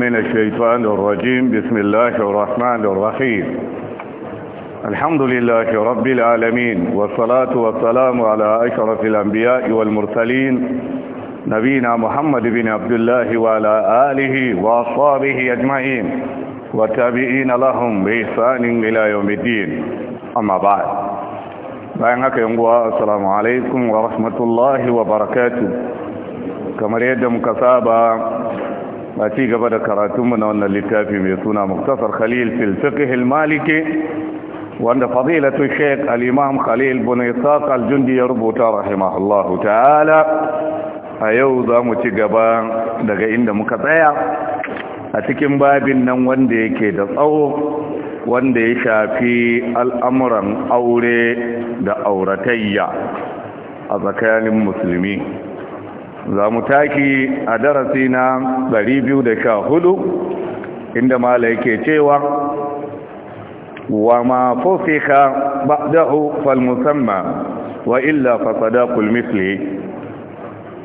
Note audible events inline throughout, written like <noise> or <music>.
من الشيطان الرجيم بسم الله الرحمن الرحيم الحمد لله رب العالمين والصلاة والسلام على أشرف الأنبياء والمرسلين نبينا محمد بن عبد الله وعلى آله وأصحابه أجمعين وتابعين لهم بإحسان إلى يوم الدين أما بعد بأنك ينقوى السلام عليكم ورحمة الله وبركاته كما يدم كسابا a ci gaba da karatunmu na wannan littafi mai suna muktasar khalil fil fiqh maliki wanda fadilatu sheikh al imam khalil bin isaq al jundi ya rubuta rahimahullahu ta'ala a yau za mu ci gaba daga inda muka tsaya a cikin babin nan wanda yake da tsawo wanda ya shafi al'amuran aure da auratayya a tsakanin musulmi za mu taki a darasi na ɗari da hudu, inda mala yake cewa wa ma fusika ba'dahu fal musamma wa illa fasada kulmisli.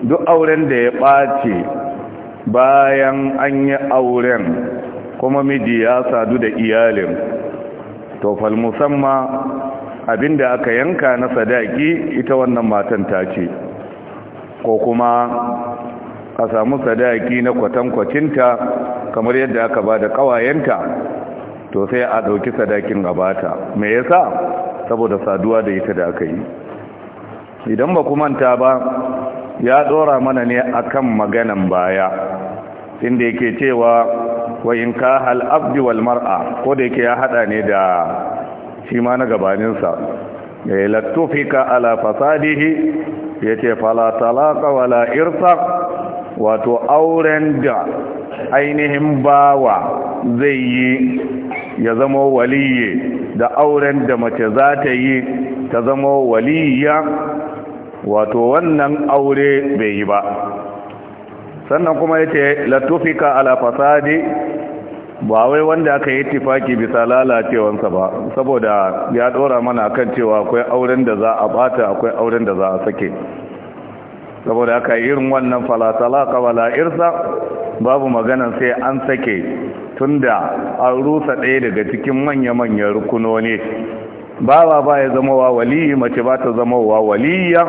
duk auren da ya ɓaci bayan an yi auren kuma miji ya sadu da iyalin to fal musamma abinda aka yanka na sadaki ita wannan matan ta ce ko kuma a samu sadaki na kwatankwacinta kamar yadda aka ba da kawayenta to sai a ɗauki sadakin gabata, mai me yasa saboda saduwa da ita da aka yi idan ba ku manta ba ya ɗora mana ne akan maganan baya inda yake cewa wa in ka hal'abdi wal mar'a ko da yake ya haɗa ne da shi ma na gabaninsa ya yi ka ala fasadihi ya ce fala talaka wala irsak wato auren da ainihin bawa zai yi ya zama waliye da auren da mace za ta yi ta zama waliya wato wannan aure bai yi ba sannan kuma ya ce latufika ala fasadi ba wai wanda aka yi tifaki bisa lalacewansa ba saboda ya dora mana kan cewa akwai auren da za a bata akwai auren da za a sake saboda aka irin wannan falatala kawala irsa babu maganan sai an sake tunda an rusa ɗaya daga cikin manya-manyan rukunoni ne ba ya zama wa waliyi mace ba ta zama wa waliyya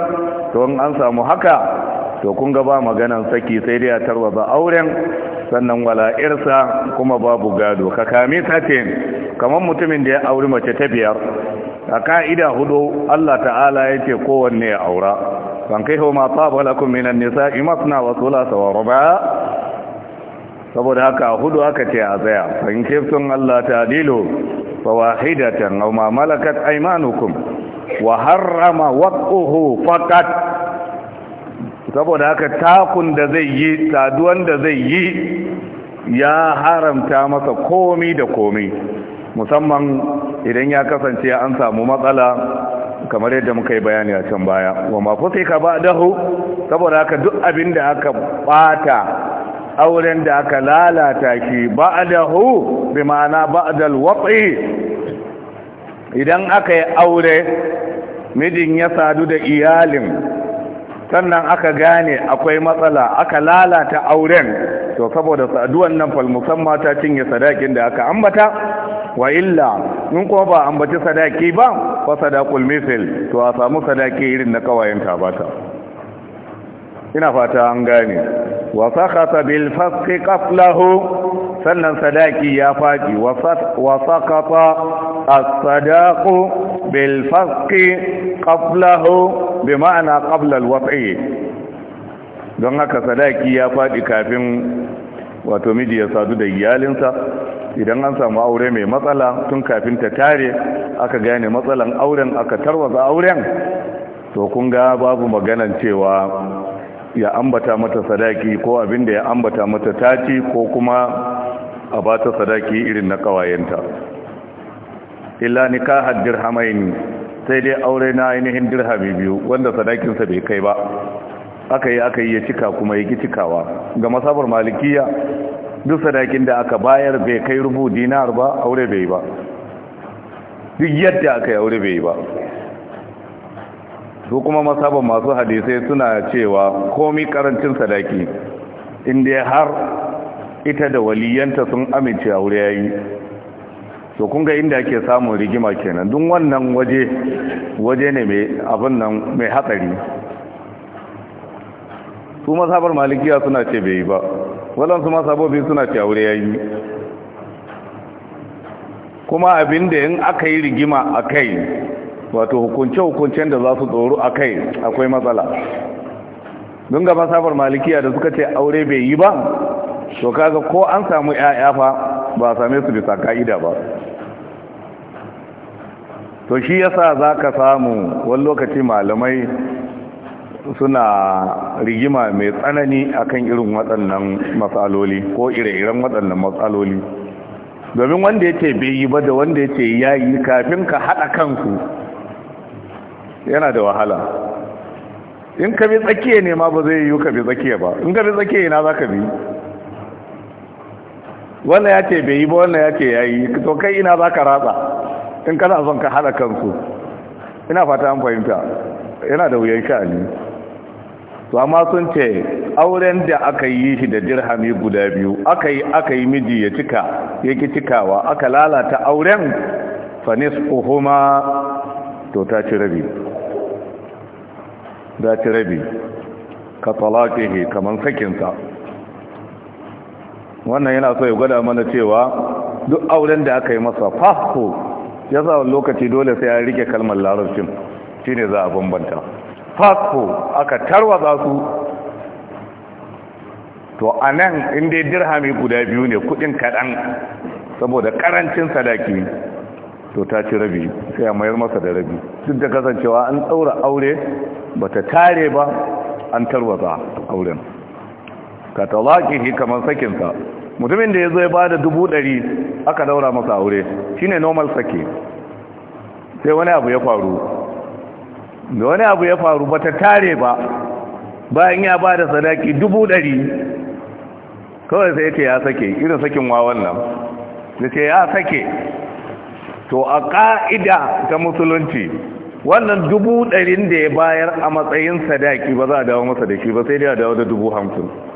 to an samu haka to kun ga ba maganan saki sai dai a tarwaza auren sannan wala irsa kuma babu gado ka kame satin kamar mutumin da ya auri mace ta biyar a ka'ida hudu Allah ta'ala ya ce kowanne ya aura ban kai hau ma tsaba lakum minan nisa'i masna wasu thulatha wa ruba' saboda haka hudu aka ce a tsaya ban sun Allah ba wa wahidatan aw ma malakat aymanukum wa harrama waqahu faqat saboda haka takun da zai yi saduwan da zai yi ya haramta masa komi da komi musamman idan ya kasance an samu matsala kamar yadda muka yi bayani a can baya wa mafi sai ka ba dahu saboda haka duk abin da aka bata auren da aka lalata shi ba dahu bi ma'ana ba dalwatsi idan aka yi aure mijin ya sadu da iyalin sannan aka gane akwai matsala aka lalata auren to saboda saduwan nan fal musamma ta cinye sadakin da aka ambata wa illa in kuma ba ambaci sadaki ba fa sadaqul misl to a samu sadaki irin na kawayen tabata ina fata an gane wa sakata bil fasqi sannan sadaki ya faɗi wa sakata as-sadaqu bilfaski ƙablahu bi ma'ana ƙablal watsi don haka sadaki ya faɗi kafin wato miji ya sadu da iyalinsa idan an samu aure mai matsala tun kafin ta tare aka gane matsalan auren aka tarwaza auren to kun ga babu maganan cewa ya ambata mata sadaki ko abinda ya ambata mata taci ko kuma a ba ta sadaki irin na kawayenta illa nikahar dirhamaini sai dai aure na ainihin dirhami biyu wanda sadakinsa bai kai ba aka yi aka yi ya cika kuma ya ki cikawa ga masabar malikiya duk sadakin da aka bayar bai kai rubu dinar ba aure bai ba duk yadda aka yi aure bai ba su kuma masabar masu hadisai suna cewa komai karancin sadaki inda har ita da waliyanta sun amince aure yayi to kun ga inda ake samun rigima kenan dun wannan waje waje ne mai abin nan mai hatsari su masabar malikiya suna ce bai yi ba waɗansu masabobi suna ce aure ya yi kuma abin da in aka yi rigima a kai wato hukunce-hukuncen da za su tsoro a kai akwai matsala don ga masabar malikiya da suka ce aure bai yi ba to kaga ko an samu 'ya'ya fa ba same su bisa ka'ida ba to shi yasa za ka samu wani lokaci malamai suna rigima mai tsanani akan irin waɗannan matsaloli ko ire-iren waɗannan matsaloli domin wanda yake bai ba da wanda yake yayi kafin ka haɗa kansu yana da wahala in ka bi tsakiya ne ma ba zai yi ka bi tsakiya ba in ka bi tsakiya na za ka bi wannan ya ce bai yi ba wannan ya ce ya yi to kai ina za ka ratsa in kana son ka haɗa kansu ina fata an fahimta yana da wuyan sha'ani to amma sun ce auren da aka yi shi da dirhami guda biyu aka yi aka yi miji ya cika ya ki cikawa aka lalata auren fanis uhuma to ta ci rabi ta ci rabi ka kamar sakinsa wannan yana so ya gwada mana cewa duk auren da aka yi masa fasko ya sa lokaci dole sai ya rike kalmar larabcin shine za a bambanta fasko aka tarwatsa su to a nan inda dirhami guda biyu ne kudin kaɗan saboda karancin sadaki to ta ci rabi sai a mayar masa da rabi duk da kasancewa an tsaura aure ba ta tare ba an tarwatsa auren ka shi kamar sakinsa mutumin da ya zo ya bada dubu ɗari aka daura masa aure Shi ne normal sake sai wani abu ya faru da wani abu ya faru bata tare ba bayan ya bada sadaki dubu ɗari kawai sai ce ya sake irin sakin wa wannan. da ce ya sake to a ƙa'ida ta musulunci wannan dubu ɗarin da ya bayar a matsayin sadaki ba za a dawo masa da shi ba sai dai a dawo da dubu hamsin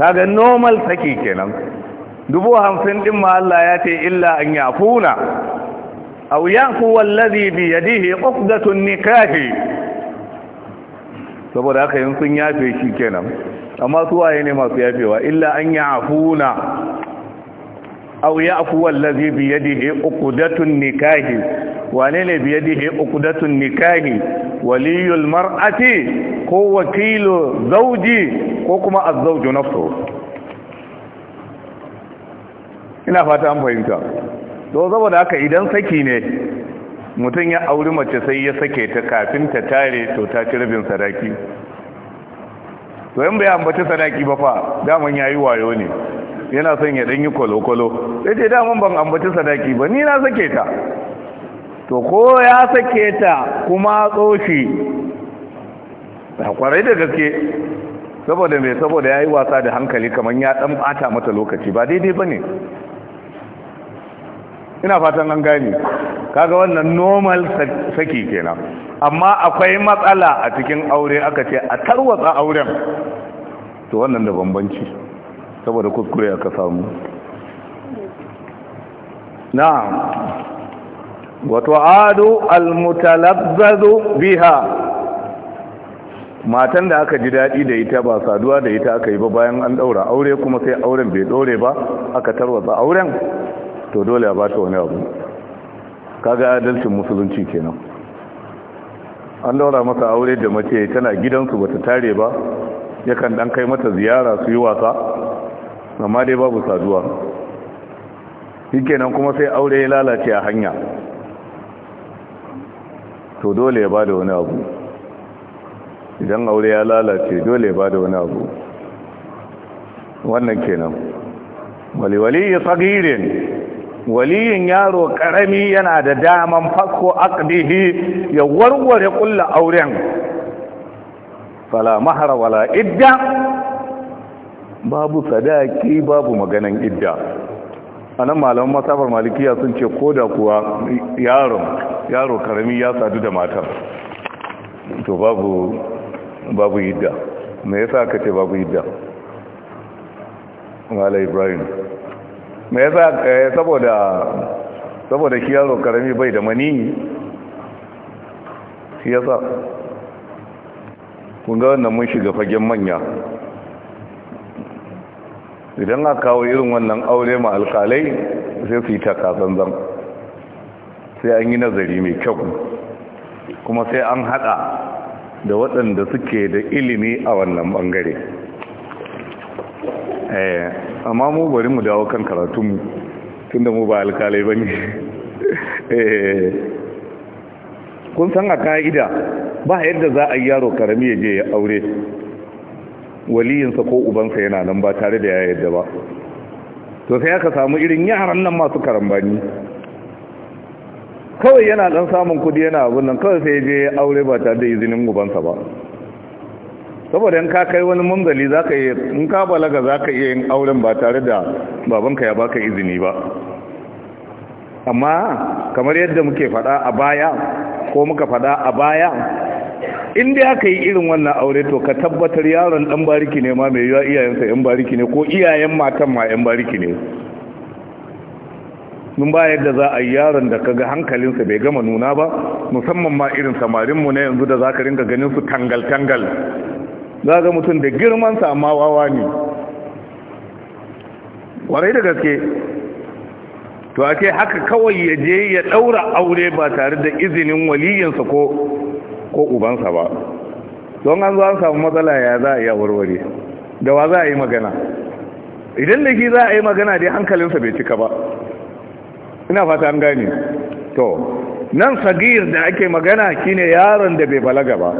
kaga normal saki kenan dubu hamsin din ma Allah ya ce illa an yafuna aw yafu wallazi bi yadihi uqdatun nikah saboda haka yin sun yafe shi kenan amma su waye ne masu yafewa illa an yafuna aw ya'fu wallazi bi yadihi uqdatun nikahi wane ne bi yadihi uqdatun nikahi waliyul mar'ati ko wakilu zawji ko kuma az-zawju ina fata an fahimta to saboda haka idan saki ne mutum ya auri mace sai ya sake ta kafin ta tare to ta ci rabin sadaki to yan bai ambata sadaki ba fa daman yayi wayo ne yana son ya ɗanyi kwalo-kwalo sai ce daman ban ambaci sadaki ba ni na sake ta to ko ya sake ta kuma tsoshi a kwarai da gaske saboda mai saboda ya yi wasa da hankali kamar ya ɗan ɓata mata lokaci ba daidai ba ne ina fatan an gani kaga wannan normal saki kenan amma akwai matsala a cikin aure aka ce a tarwatsa auren to wannan da bambanci saboda kuskure aka samu Na. wato adu almutalazzazu biha matan da aka ji daɗi da ita ba saduwa da ita aka yi ba bayan an ɗaura aure kuma sai auren bai ɗore ba aka tarwatsa auren to dole a ba wani abu kaga adalcin musulunci kenan an ɗaura masa aure da mace tana gidansu bata tare ba yakan ɗan kai mata ziyara su yi wasa amma dai babu saduwa shikenan kuma sai aure ya lalace a hanya to dole ya bada wani abu idan aure ya lalace dole ya bada wani abu wannan kenan waliwali ya tsagirin waliyin yaro karami yana da daman fasko akdihi ya warware kulla auren fala mahara wala idda babu sadaki babu maganan idda a nan malaman masafar malikiya sun ce ko da kuwa yaro karami ya sadu da matar to babu babu idda me yasa ka ce babu idda Wala ibrahim me yasa eh, saboda saboda shi yaro karami bai da mani shi yasa kun ga wannan mun shiga fagen manya idan a kawo irin wannan aure ma alkalai sai su yi takasanzan sai an yi nazari mai kyau kuma sai an hada da waɗanda suke da ilimi a wannan bangare eh, amma mu bari mu dawo kan karatunmu tunda mu ba alkalai ba ne <laughs> eh, kun san a ka'ida ba yadda za a yi yaro karami ya je ya aure waliyinsa ko ubansa yana nan ba tare da ya yadda ba to sai aka samu irin yaran nan masu karambani kawai yana dan samun kudi yana abun nan kawai sai je aure ba tare da izinin ubansa ba saboda in ka kai wani munzali ka yi in ka balaga zaka iya yin auren ba tare da babanka ya baka izini ba amma kamar yadda muke fada a baya ko muka fada a baya in dai aka yi irin wannan aure to ka tabbatar yaron dan bariki ne ma mai yiwa iyayensa yan bariki ne ko iyayen matan ma yan bariki ne mun ba yadda za a yi yaron da kaga hankalinsa bai gama nuna ba musamman ma irin samarinmu na yanzu da za ka ringa ganin su tangal-tangal za ga mutum da girmansa amma wawa ne warai da gaske to ake haka kawai ya je ya ɗaura aure ba tare da izinin waliyinsa ko ko ubansa ba don an zo an samu matsala ya za a iya warware da wa za a yi magana idan da ki za a yi magana dai hankalinsa bai cika ba ina fata an gane to nan sagir da ake magana shine yaron da bai balaga ba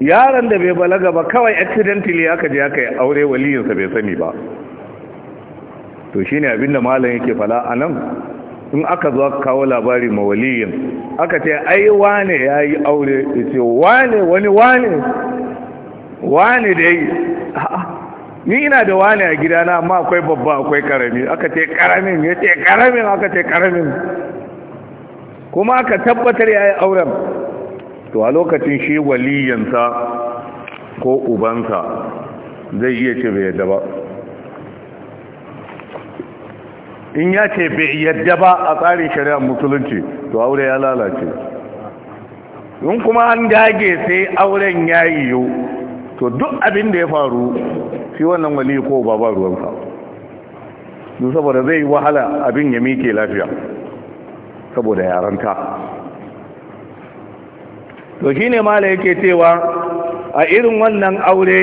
yaron da bai balaga ba kawai accidentally aka je aka yi aure waliyinsa bai sani ba to shine abinda malam yake fala anan in aka zo kawo labari ma waliyin aka ce ai wane ya yi aure ya ce wane wani wane wane da ya yi ni ina da wane a gidana amma akwai babba akwai karami aka ce karamin ya ce karamin aka ce karamin kuma aka tabbatar ya yi auren to a lokacin shi waliyansa ko ubansa zai iya ce bai yadda ba in ya ce bai yadda ba a tsarin shari'a musulunci to aure ya lalace in kuma an dage sai auren ya yi yiwu to duk abin da ya faru shi wannan wali ko baba ruwansa duk saboda zai yi wahala abin ya mike lafiya saboda yaranta to shi ne mala yake cewa a irin wannan aure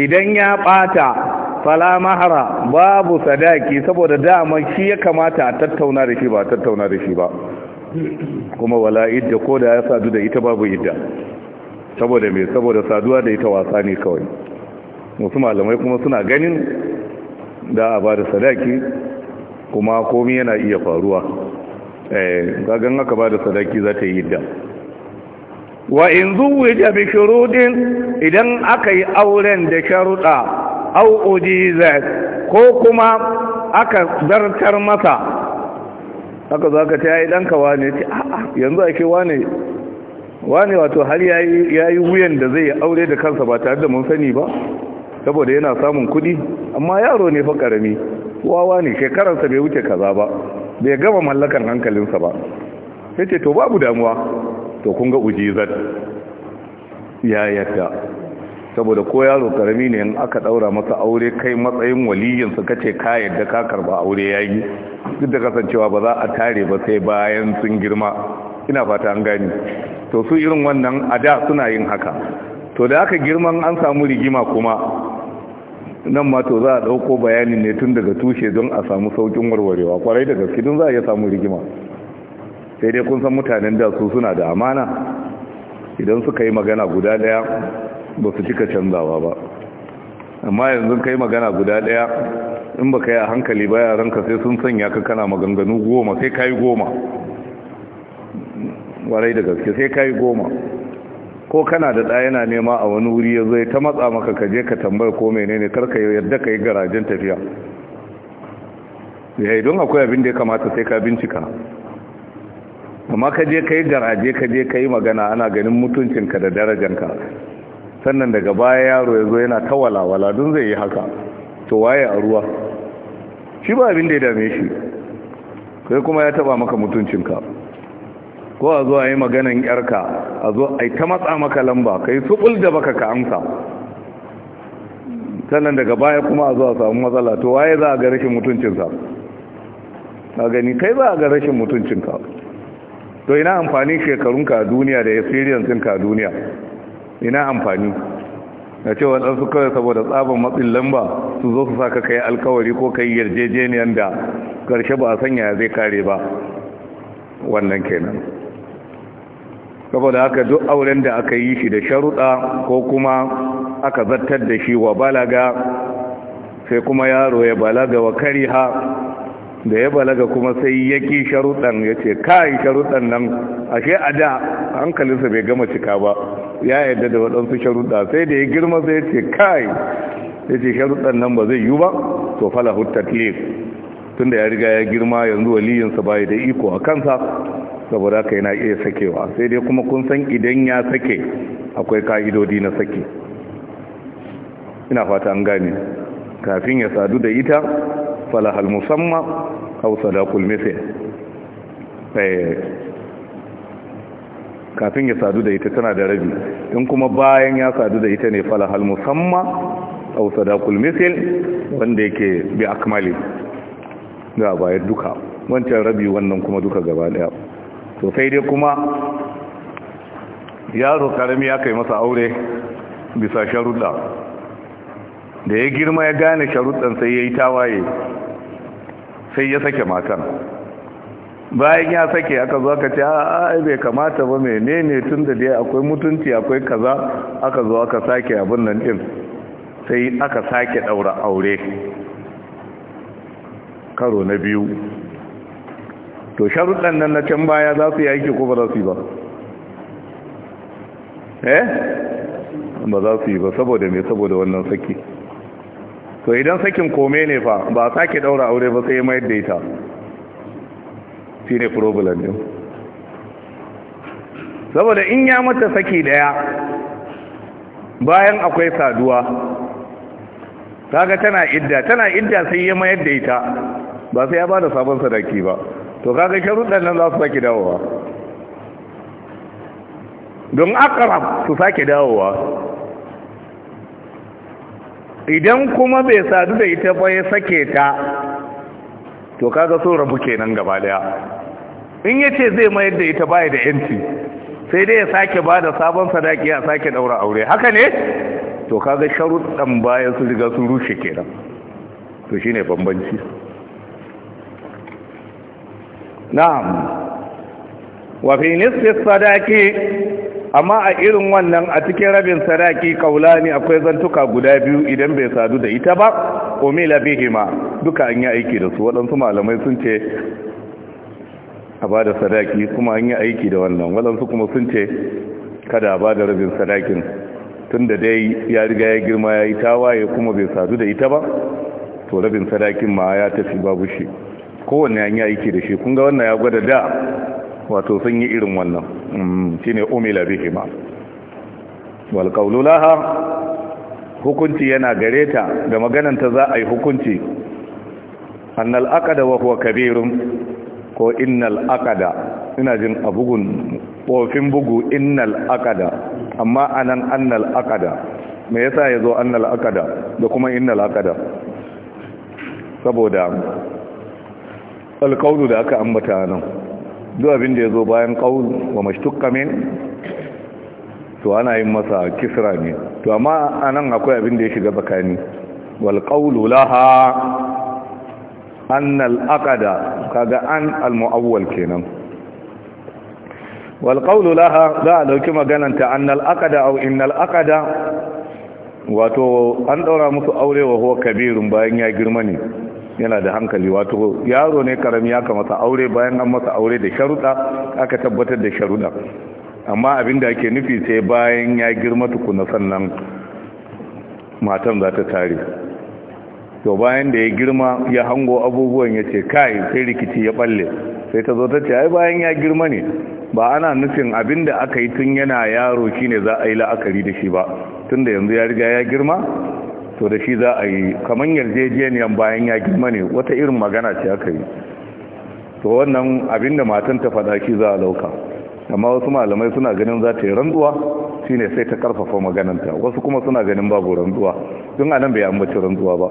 idan ya bata fala mahara babu sadaki saboda dama shi ya kamata a tattauna da shi ba tattauna da shi ba kuma wala idda ko da ya sadu da ita babu idda saboda me saboda saduwa da ita wasa ne kawai wasu malamai kuma suna ganin da a ba da sadaki kuma komi yana iya faruwa eh gagan aka ba da sadaki za ta yi idda wa in zuwa bi shurudin idan aka yi auren da sharuɗa au ujiza ko kuma aka zartar masa haka za ka ta yi ɗanka wane ce yanzu ake wane wane wato har ya yi wuyan da zai aure da kansa ba tare da mun sani ba saboda yana samun kuɗi amma yaro ne fa ƙarami wawa ne shekararsa bai wuce kaza ba bai gama mallakan hankalinsa ba sai ce to babu damuwa to kun ga ya yadda saboda ko yaro karami ne in aka daura masa aure kai matsayin su kace ka yadda ka karba aure yayi duk da kasancewa ba za a tare ba sai bayan sun girma ina fata an gani to su irin wannan a da suna yin haka to da aka girman an samu rigima kuma nan ma to za a dauko bayani ne tun daga tushe don a samu saukin warwarewa kwarai da gaske don za a iya samu rigima sai dai kun san mutanen da su suna da amana idan suka yi magana guda daya ba su cika canzawa ba amma yanzu kai magana guda daya in ba ka yi a hankali ba yaranka sai sun sanya ka kana maganganu goma sai ka yi goma warai da gaske sai ka yi goma ko kana da ɗaya yana nema a wani wuri ya zai ta matsa maka ka je ka tambar ko menene karka yadda ka yi garajen tafiya ya yi don akwai abin da ya kamata sai ka bincika amma ka je ka yi garaje ka je ka yi magana ana ganin mutuncinka da darajanka sannan daga baya yaro ya zo yana ta walawala don zai yi haka to waye a ruwa shi ba abin da ya dame shi kai kuma ya taba maka mutuncinka ko a zo a yi maganan yarka a zo a yi ta matsa maka lamba ka yi subul da baka ka amsa sannan daga baya kuma a zo a samu matsala to waye za a ga rashin mutuncinsa a gani kai za a ga rashin mutuncinka to ina amfani shekarunka a duniya da experience ka a duniya ina amfani na ce su kawai saboda tsaban matsin lamba su zo su saka kai alkawari ko kai yarjejeniyar da ƙarshe ba a sanya zai kare ba wannan kenan saboda haka duk auren da aka yi shi da sharuɗa ko kuma aka zartar da shi wa balaga sai kuma yaro ya balaga wa kariha da ya balaga kuma sai ya ki sharuɗan ya ce kayan sharuɗan nan ashe a da hankalinsa bai gama cika ba ya yadda da waɗansu sharuɗa sai da ya girma sai ya ce kayan ya ce sharuɗan nan ba zai yi ba to fala huttatlif tun da ya riga ya girma yanzu waliyinsa bai da iko a kansa saboda haka yana iya sakewa sai dai kuma kun san idan ya sake akwai ka'idodi na sake ina fata an gane kafin ya sadu da ita صلاح المسمى او sadaqul mithl kafin ya sadu da ita tana da rabi in kuma bayan ya sadu da ita ne falahal musamma aw sadaqul mithl wanda yake bi akmali da bayar duka wancan rabi wannan kuma duka gaba daya to sai dai kuma yaro karami ya kai masa aure bisa sharuɗa da ya girma ya gane sharuɗan sai ya yi tawaye sai ya sake matan bayan ya sake aka zo aka ce a bai kamata ba menene tun da dai akwai mutunci akwai kaza aka zo aka sake abin nan din sai aka sake daura aure karo na biyu to sharuɗan nan na can baya za su yi aiki ko ba za su yi ba eh ba za su yi ba saboda me saboda wannan saki to idan sakin kome ne fa ba sake daura aure ba sai mayar da ita shine problem din saboda in ya mata saki daya bayan akwai saduwa kaga tana idda tana idda sai ya mayar da ita ba sai ya bada sabon sadaki ba to kaga sharuɗan nan za su saki dawowa don akrab su sake dawowa idan kuma bai sadu da ita ba sake ta to kaga so rabu kenan gaba daya in yace zai mayar da ita baya da yanci sai dai ya sake bada sabon sadaki ya sake daura aure haka ne to kaga sharuɗan baya su riga sun rushe kenan to shine bambanci na'am wa fi nisfi sadaki amma a irin wannan a cikin rabin sadaki ne akwai zantuka guda biyu idan bai sadu da ita ba omila bihima duka an yi aiki da su waɗansu malamai sun ce a ba da sadaki kuma an yi aiki da wannan waɗansu kuma sun ce kada ba da rabin sadakin tun da dai ya riga ya girma ya yi tawaye kuma bai sadu da ita ba to rabin sadakin ma ya tafi babu shi kowanne an yi aiki da shi kun ga wannan ya gwada da wato sun yi irin wannan shine umila bihima wal qawlu laha hukunci yana gareta, da maganan ta za a yi hukunci annal aqada wa huwa kabirun ko innal aqada ina jin abugun kofin bugu innal aqada amma anan annal aqada me yasa yazo annal aqada da kuma innal aqada saboda alƙawlu da aka ambata nan duk abin da ya zo bayan ƙaun wa mashtukka to ana yin masa kisra ne to amma a nan akwai abin da ya shiga tsakani wal ƙaunu laha annal aqada kaga an almu'awwal kenan wal ƙaunu laha za a dauki magananta an al'akada au in al'akada wato an ɗaura musu aure wa huwa kabirun bayan ya girma ne yana da hankali wato yaro ne karami ya kamata aure bayan an masa aure da sharuɗa aka tabbatar da sharuda amma abin da ake nufi sai bayan ya girma tukuna sannan matan za ta tare to bayan da ya girma ya hango abubuwan ya ce kai sai rikici ya balle sai ta zo ta ce ai bayan ya girma ne ba ana nufin abin da aka yi tun yana yaro shine za a yi la'akari da shi ba tunda yanzu ya riga ya girma to da shi za a yi kamar yarjejeniyar bayan ya girma ne wata irin magana ce aka yi to wannan abin da matan ta fada shi za a lauka amma wasu malamai suna ganin za ta yi rantsuwa shine sai ta karfafa magananta wasu kuma suna ganin babu rantsuwa don nan bai ambaci rantsuwa ba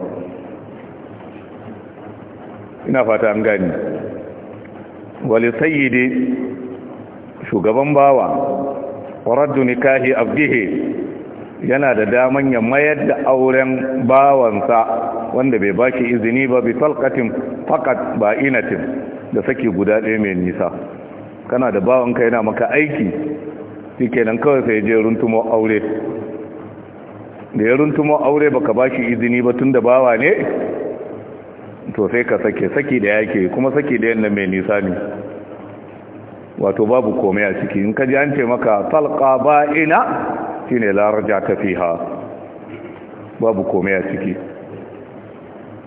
ina fata an gani wali sayyidi shugaban bawa waraddu nikahi abdihi yana da daman ya mayar da auren bawansa wanda bai bashi izini ba bi falkatin faqat ba inatin da saki guda ɗaya mai nisa kana da bawanka yana maka aiki shi kenan kawai sai je runtumo aure da ya runtumo aure baka bashi izini ba tunda da bawa ne to sai ka sake saki da yake kuma saki da yanda mai nisa ne wato babu komai a ciki in ka ji an ce maka falka baina ne laraja ta fiha babu komai a ciki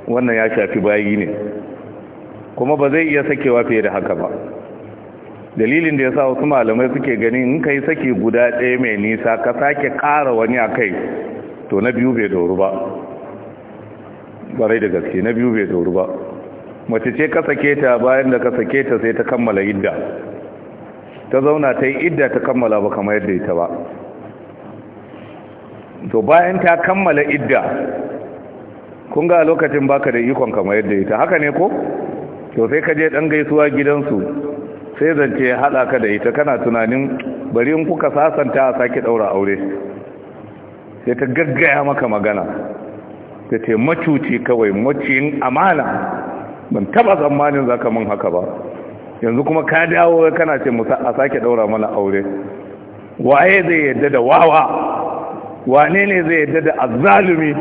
wannan ya shafi bayi ne kuma ba zai iya sakewa fiye da haka ba dalilin da ya sa wasu malamai suke ganin in ka yi saki guda ɗaya mai nisa ka sake ƙara wani a kai to na biyu bai doru ba barai da gaske na biyu bai doru ba mace ce ka sake ta bayan da ka sake ta sai ta kammala idda ta zauna ta yi idda ta kammala ba kamar yadda ita ba to bayan ta kammala idda kun ga lokacin baka da ikon kamar yadda ita haka ne ko to sai ka je dan gaisuwa gidansu sai zance ya hada ka da ita kana tunanin bari in kuka sasanta a sake daura aure sai ta gaggaya maka magana ta ce macuci kawai macin amana ban taba tsammanin zaka mun haka ba yanzu kuma ka dawo kana ce musa a sake daura mana aure waye zai yadda da wawa wane ne zai yadda da azalumi.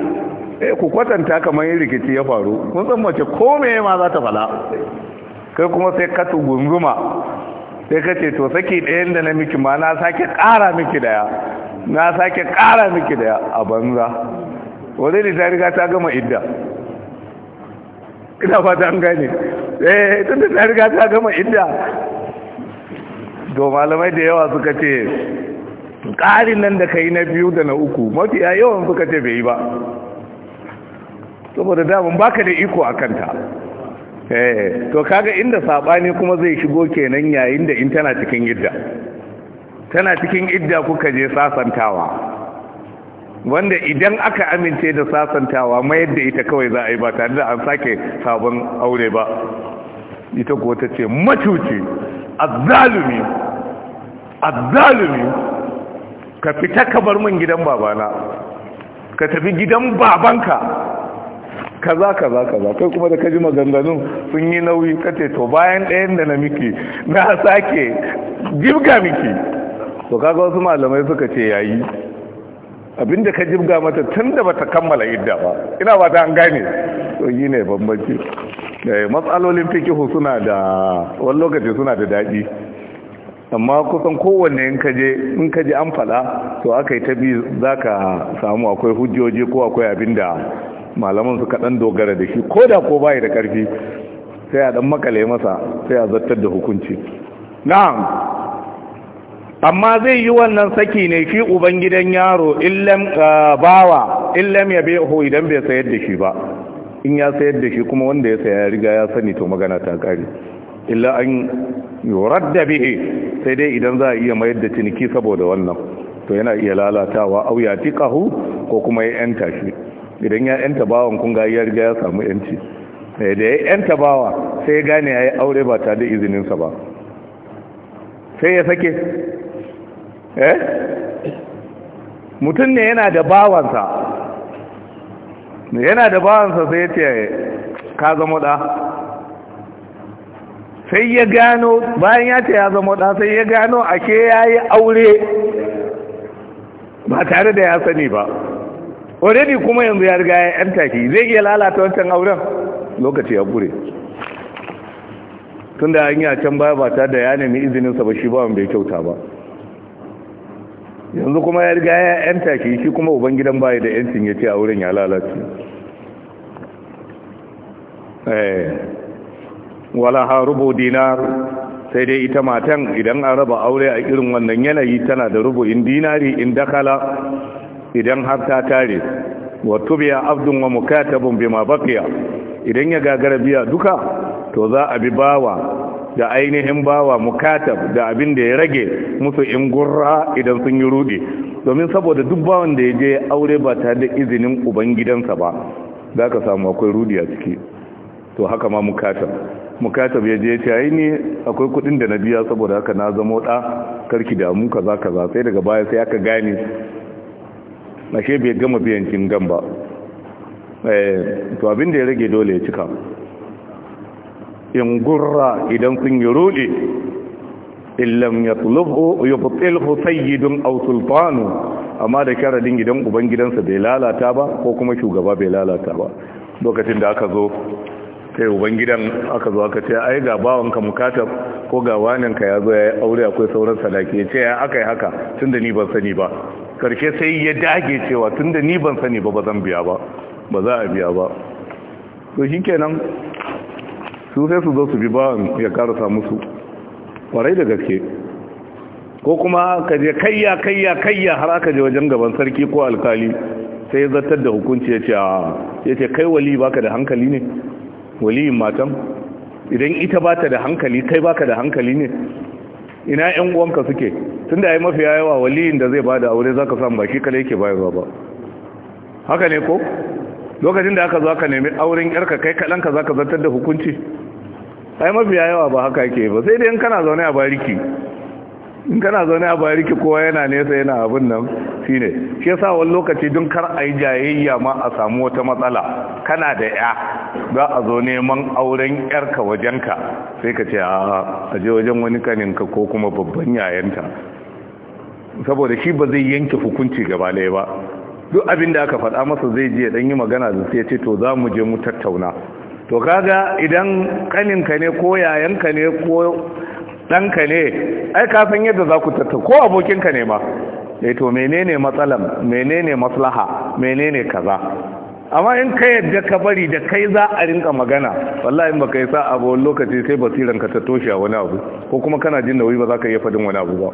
eh ku kwatanta kamar yin rikici ya faru kun san mace ko me ma za ta fala kai kuma sai ka tugunguma sai ka ce to saki ɗayan da na miki ma na sake ƙara miki daya na sake ƙara miki daya a banza wanda ne ta riga ta gama idda ina fata an gane eh tunda ta riga ta gama idda to malamai da yawa suka ce ƙarin nan da ka yi na biyu da na uku a yawan suka ce bai yi ba saboda damun baka da iko a kanta eh, to kaga inda saɓani kuma zai shigo kenan yayin da in tana cikin idda tana cikin idda kuka je sasantawa wanda idan aka amince da sasantawa mayar da ita kawai za a yi ba tare da an sake sabon aure ba ita ko ta ce macuci azzalumi azzalumi ka fita ka bar min gidan babana ka tafi gidan babanka kaza kaza kaza kai kuma da kaji maganganun sun yi nauyi kace to bayan ɗayan da na miki na sake jibga miki to kaga wasu malamai suka ce yayi abinda ka jibga mata tun da bata kammala idda ba ina ba ta an gane to yi ne bambanci eh, matsalolin fikihu suna da wani lokaci suna da daɗi amma kusan kowanne in kaje in kaje an fada to aka ta biyu za samu akwai hujjoji ko akwai abinda malaman su kaɗan dogara da shi koda da ko bai da karfi sai a ɗan makale masa sai a zartar da hukunci na'am amma zai yi wannan saki ne shi ubangidan yaro illam ah, bawa illam ya idan bai sayar da shi ba in ya sayar da shi kuma wanda ya saya riga ya sani to magana ta kare illa an yuradda bihi sai dai idan za a iya mayar da ciniki saboda wannan to yana iya lalatawa au ya tikahu ko kuma ya yanta shi idan ya yanta bawan kun ga ya riga ya samu yanci sai eh, da ya yanta bawa sai ya gane ya yi aure ba tare da izinin sa ba sai ya sake eh mutum ne yana da bawansa yana da bawansa sai ya ce ka zama da sai ya gano bayan ya ce ya zama ɗa sai ya gano ake ya yi aure ba tare da ya sani ba already kuma yanzu ya riga ya yan taki zai iya lalata wancan auren lokaci ya gure tun da hanyar can baya ba tare da ya nemi izininsa ba shi ba wanda ya kyauta ba yanzu kuma ya riga ya yan taki shi kuma ubangidan baya da yancin ya ce auren ya lalace eh. wala ha rubu dinar sai dai ita matan idan an raba aure a irin wannan yanayi tana da in dinari in dakala idan har ta tare wa tubiya abdun wa mukatabun bima baqiya idan ya gagara biya duka to za a bi bawa da ainihin bawa mukatab da abin da ya rage musu in gurra idan sun yi rudi domin saboda duk bawan da ya je aure ba tare da izinin ubangidansa ba za ka samu akwai rudi a ciki to haka ma mukatab mukatab ya je ya ce yi ne akwai kudin da na biya saboda haka na zama da karki damu kaza kaza sai daga baya sai aka gane ashe bai gama biyan kin gan ba eh, to abin da ya rage dole ya cika in gurra idan sun yi rode illam yatlubu yubtilhu sayyidun aw sultanu amma da sharadin gidan gidansa bai lalata ba ko kuma shugaba bai lalata ba lokacin da aka zo sai ubangidan aka zo aka ce ai ga bawanka mukatab ko ga waninka ya zo ya yi aure akwai sauran sadaki ya ce ya aka yi haka tun da ni ban sani ba karshe sai ya dage cewa tun da ni ban sani ba ba zan biya ba ba za a biya ba to shi kenan su sai su zo su bi bawan ya karasa musu kwarai da gaske ko kuma ka je kayya kayya kayya har aka je wajen gaban sarki ko alkali sai ya zartar da hukunci ya ce kai wali baka da hankali ne waliyin matan idan ita ba ta da hankali kai baka da hankali ne ina yan uwanka suke tunda ai mafi yawa waliyin da zai bada aure zaka samu baki kala yake bayarwa ba haka ne ko lokacin da aka zo aka nemi auren yarka kai kadan ka zaka zartar da hukunci ai mafi yawa ba haka yake ba sai dai in kana zaune a bariki in kana zaune a bariki kowa yana nesa yana abin nan shi ne shi yasa wani lokaci don kar a yi jayayya ma a samu wata matsala kana da ya za a zo neman auren yarka wajenka sai ka ce a je wajen wani kaninka ko kuma babban yayanta saboda shi ba zai yanke hukunci gaba ɗaya ba duk abin da aka faɗa masa zai je dan yi magana da sai ce to za mu je mu tattauna to kaga idan kaninka ne ko yayanka ne ko ɗanka ne ai ka yadda za ku tatta ko abokinka ne ma dai eh, to menene matsalan menene maslaha menene kaza amma in ka yadda ka bari da kai za a rinka magana wallahi in baka yi sa abu wani lokaci sai basiran ka ta toshe a wani abu ko kuma kana jin nauyi ba za ka iya fadin wani abu ba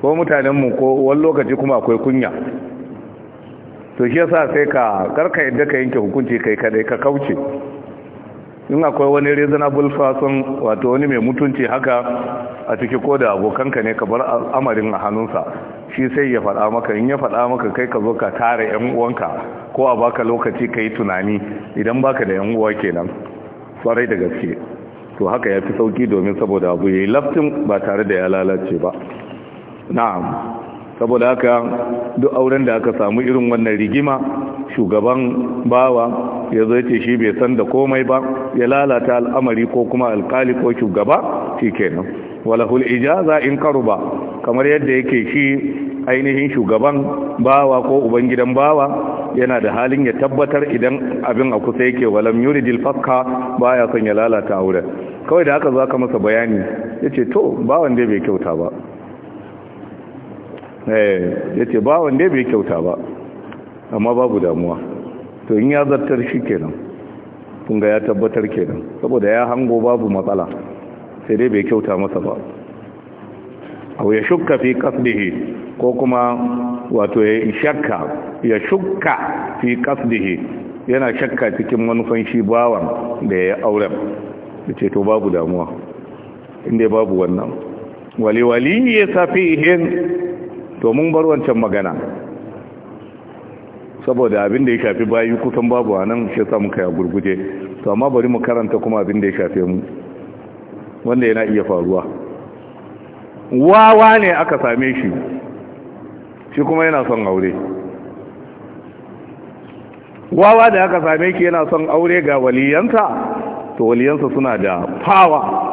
ko mutanenmu ko wani lokaci kuma akwai kunya to shi yasa sai ka karka yadda ka yanke hukunci kai kadai ka kauce in akwai wani reasonable person wato wani mai mutunci haka a ciki ko da abokanka ne ka bar amarin a hannunsa shi sai ya faɗa maka in ya faɗa maka kai ka zo ka tara yan uwanka ko a baka lokaci ka yi tunani idan baka da yan uwa kenan farai da gaske to haka ya fi sauki domin saboda abu ya yi laftin ba tare da ya lalace ba na'am saboda haka duk auren da aka samu irin wannan rigima shugaban bawa ya zo ce shi bai san da komai ba ya lalata al'amari ko kuma alkali ko shugaba shikenan walahul ijaza in ba kamar yadda yake shi ainihin shugaban bawa ko ubangidan bawa yana da halin ya tabbatar idan abin a kusa yake walam yuridil fakka baya son ya lalata auren kawai da haka zaka masa bayani ya ce to bawan dai bai kyauta ba Eh, ya ce ba wanda bai kyauta ba amma babu damuwa to in ya zartar shi kenan kunga ya tabbatar kenan saboda ya hango babu matsala sai dai bai kyauta masa ba abu ya shukka fi kasdihi ko kuma wato ya shakka ya shukka fi kasdihi yana shakka cikin manufan shi bawan da ya yi auren da ce to babu damuwa inda babu wannan waliwali ya safi ihin to mun bar wancan magana saboda abin da ya shafi bayi kusan babu a nan shi samun kaya gurguje to amma bari mu karanta kuma abin da ya shafi mu wanda yana iya faruwa wawa ne aka same shi shi kuma yana son aure wawa da aka same shi yana son aure ga waliyansa to waliyansa suna da fawa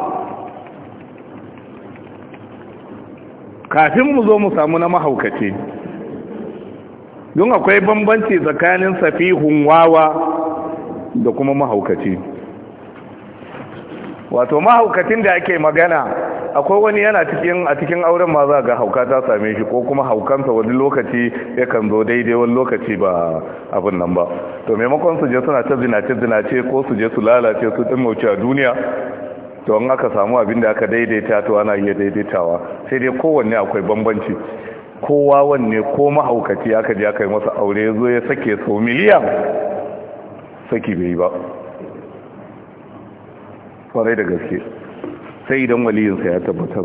kafin mu zo mu samu na mahaukaci don akwai bambanci tsakanin safihun wawa da kuma mahaukaci wato mahaukacin da ake magana akwai wani yana cikin a cikin auren ma za ga hauka ta same shi ko kuma haukansa wani lokaci yakan zo daidai wani lokaci ba abin nan ba to maimakon su je suna ta zinace zinace ko su je su lalace su din wuce a duniya to an aka samu abin da aka daidaita to ana iya daidaitawa sai dai kowanne akwai bambanci kowa wanne ko mahaukaci aka je aka yi masa aure ya zo ya sake sau miliyan saki bai ba kwarai da gaske sai idan waliyinsa ya tabbatar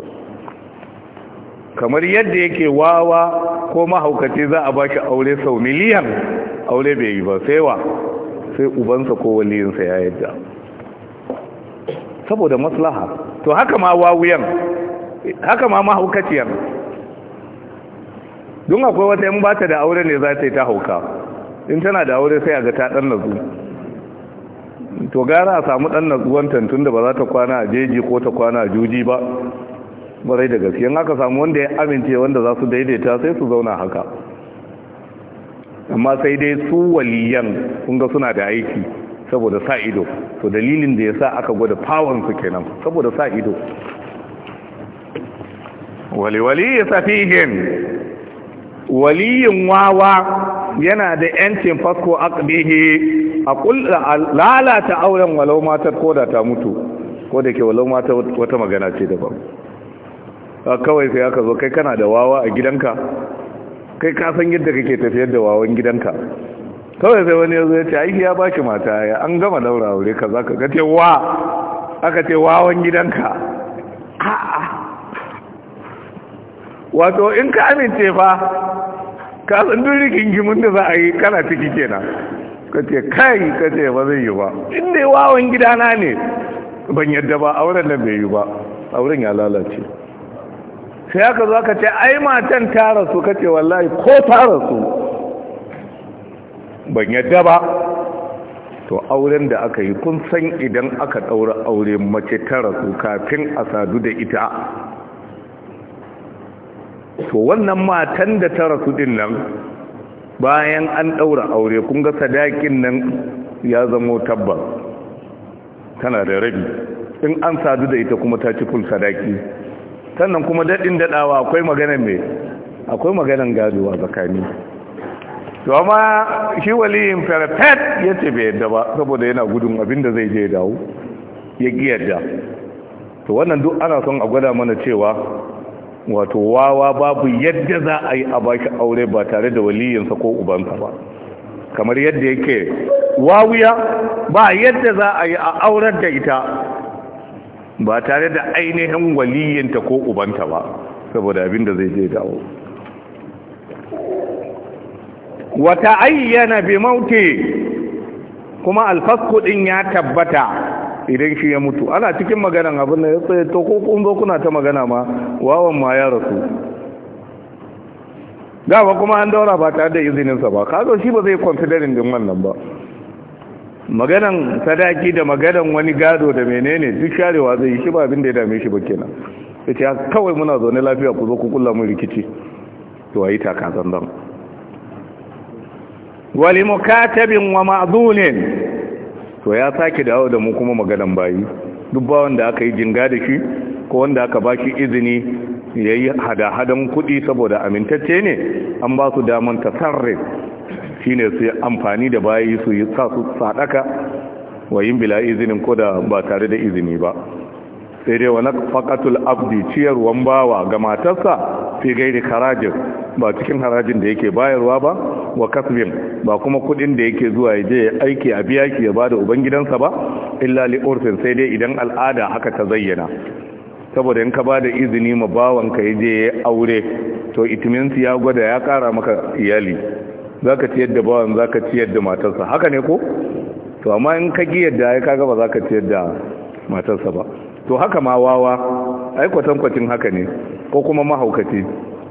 kamar yadda yake wawa ko mahaukaci za a ba shi aure sau miliyan aure bai yi ba sai wa sai ubansa ko waliyinsa ya yadda saboda maslaha to haka ma wawuyan haka ma mahaukaciyar don akwai wata yan bata da aure ne za ta yi ta hauka in tana da aure sai a ga ta dan nazu to gara a samu dan nazuwan tantun da ba za ta kwana a jeji ko ta kwana a juji ba barai da gaske in aka samu wanda ya amince wanda za su daidaita sai su zauna haka amma sai dai su waliyan kun ga suna da aiki saboda sa ido to dalilin da ya sa aka gwada su kenan saboda sa ido Wali-wali ya safihin waliyin wawa yana da yancin fasko aqdihi a lalata auren walau matar koda ta mutu ko da ke walau matar wata magana ce daban kawai sai aka zo kai kana da wawa a gidanka kai ka san yadda kake tafiyar da wawan gidanka kawai sai wani ya ya ce aiki ya baki mata ya an gama daura ka za ka ce wa aka ce wawan gidanka wato in ka amince fa ka san duk gimin da za a yi kana ciki kenan ka ce kai ka ce ba zai yi ba in dai wawan gidana ne ban yadda ba auren nan bai yi ba auren ya lalace sai aka zo ka ce ai matan ta rasu ka ce wallahi ko tara su. ban yadda ba to auren da aka yi kun san idan aka ɗaura aure mace ta rasu kafin a sadu da ita to wannan matan da ta rasu din nan bayan an ɗaura aure kun ga sadakin nan ya zamo tabbas tana da rabi in an sadu da ita kuma ta ci kul sadaki sannan kuma daɗin daɗawa akwai maganan mai akwai maganan gado a tsakani to amma shi waliyin farfet ya ce bai yadda ba saboda yana gudun abinda zai je dawo ya ƙi yadda to wannan duk ana son a gwada mana cewa wato wawa babu yadda za a yi a baki aure ba tare da waliyinsa ko ubansa ba kamar yadda yake wawuya ba yadda za a yi a aurar da ita ba tare da ainihin waliyinta ko ubanta ba saboda abin da zai je dawo wata ta'ayyana bi mauti kuma alfasku din ya tabbata idan shi ya mutu ana cikin maganan abin da ya tsaye to ko kun zo kuna ta magana ma wawan ma ya rasu dama kuma an daura ba tare da izininsa ba kazo shi ba zai considering din wannan ba maganan sadaki da maganan wani gado da menene duk sharewa zai shi ba abin da ya dame shi ba kenan ya kawai muna zaune lafiya ku zo ku kulla rikici to ayi takasan zan. wali mukatabin wa ma'zulin to ya saki dawo da mu kuma maganan bayi duk ba wanda aka yi jinga da shi ko wanda aka baki izini yayi hada-hadan kuɗi saboda amintacce ne an ba su daman tasarrif shine su amfani da bayi su yi sa su sadaka wayin bila izinin ko da ba tare da izini ba sai dai wani fakatul abdi ciyarwan bawa ga matarsa fi gairi harajin ba cikin harajin da yake bayarwa ba wa kasbin ba kuma kudin da yake zuwa ya je aiki a biya ki ya bada ubangidansa ba illa li urfin sai dai idan al'ada haka ta zayyana saboda in ka bada izini ma bawanka ya je ya aure to itiminsu ya gwada ya kara maka iyali zaka ciyar da bawan zaka ciyar yadda matarsa haka ne ko to amma in ka giyar da ya kaga ba zaka ciyar da matarsa ba to haka ma wawa ai kwatankwacin haka ne ko kuma mahaukaci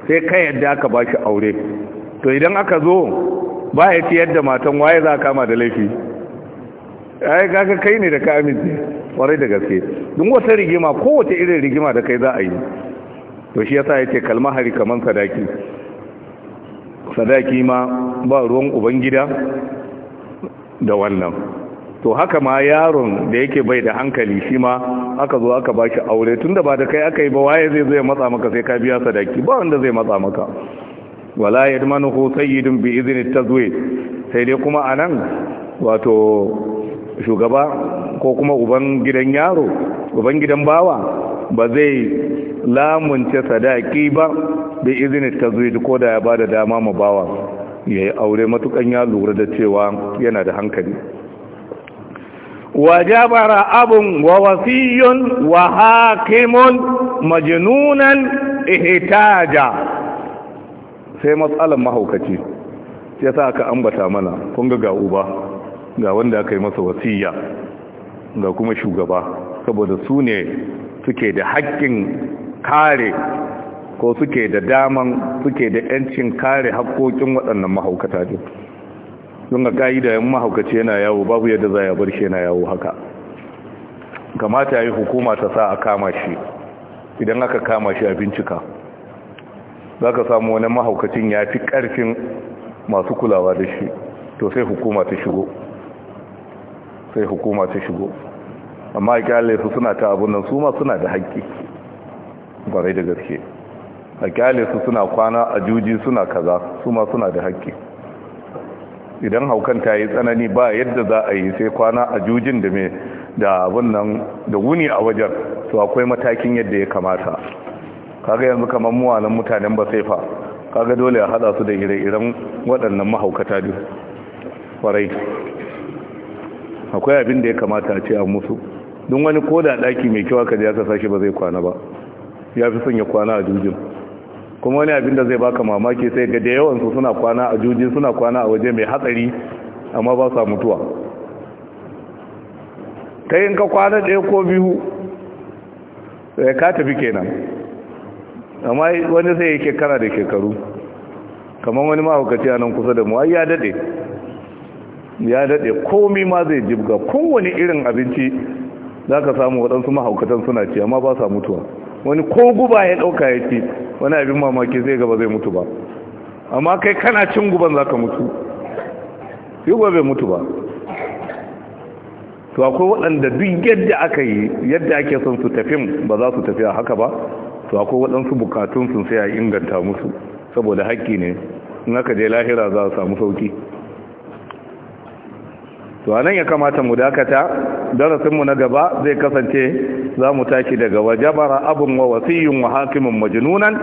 sai ka yadda aka ba shi aure to idan aka zo ba ya ci yadda matan waye za kama da laifi ai kaga kai ne da ka amince kwarai da gaske don wata rigima kowace irin rigima da kai za a yi to shi yasa yace kalma hari kaman sadaki sadaki ma ba ruwan ubangida da wannan to haka ma yaron da yake bai da hankali shi ma aka zo aka ba shi aure tunda ba da kai aka yi ba waye zai zo ya matsa maka sai ka biya sadaki ba wanda zai matsa maka wala yadmanuhu sayyidun bi izni tazwij sai dai kuma anan wato shugaba ko kuma uban gidan yaro uban gidan bawa ba zai lamunce sadaki ba bi izni tazwij ko da ya bada dama ma bawa yayi aure matukan ya lura da cewa yana da hankali وجبر أب ووفي وحاكم مجنونا احتاجا sai matsalan mahaukaci ya sa aka ambata mana kun ga ga uba ga wanda aka yi masa wasiya ga kuma shugaba saboda su ne suke da haƙƙin kare ko suke da daman suke da 'yancin kare haƙƙoƙin waɗannan mahaukata duk don ga ka'ida yin mahaukaci yana yawo babu yadda za ya bar shi yana yawo haka kamata ya yi hukuma ta sa a kama shi idan aka kama shi a bincika za ka samu wani mahaukacin ya fi ƙarfin masu kulawa da shi to sai hukuma ta shigo sai hukuma ta shigo amma a kyale su suna ta abin nan su ma suna da haƙƙi ƙwarai da gaske a kyale su suna kwana a juji suna kaza su ma suna da haƙƙi idan haukan ta yi tsanani ba yadda za a yi sai kwana a jujin da me da wannan da wuni a wajen to akwai matakin yadda ya kamata kaga yanzu kamar muwanan mutanen ba sai fa kaga dole a hada su da ire-iren waɗannan mahaukata duk kwarai akwai abin da ya kamata a ce a musu don wani koda ɗaki mai kyau aka ji aka sashi ba zai kwana ba ya fi son ya kwana a jujin kuma wani abin da zai baka mamaki sai ga da yawansu suna kwana a juji suna kwana a waje mai hatsari amma ba sa mutuwa ta yin ka kwana ɗaya ko biyu eh, ka tafi kenan amma wani sai yake kana da shekaru kamar wani mahaukaci a nan kusa da mu ya daɗe ya daɗe komi ma zai jibga kowane irin abinci za ka samu waɗansu mahaukatan suna ci amma ba sa mutuwa wani ko guba ya ɗauka ya ci wani abin mamaki zai gaba zai mutu ba amma kai kana cin guban za ka mutu yi ba bai mutu ba to akwai waɗanda duk yadda aka yi yadda ake son su tafin ba za su tafiya haka ba to akwai waɗansu bukatun sun sai a inganta musu saboda haƙƙi ne in aka je lahira za a samu sauki to anan ya kamata mu dakata darasinmu na gaba zai kasance za mu tashi daga wajabara abun wa wasiyun wa hakimin majnunan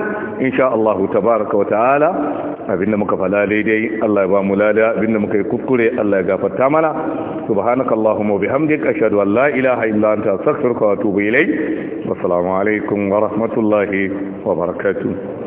insha Allah tabaraka wa ta'ala abinda muka fala daidai Allah ya ba mu lada abinda muka yi kuskure Allah ya gafarta mana subhanaka allahumma wa bihamdik ashhadu an la ilaha illa anta astaghfiruka wa atubu ilayk wa alaikum wa rahmatullahi wa barakatuh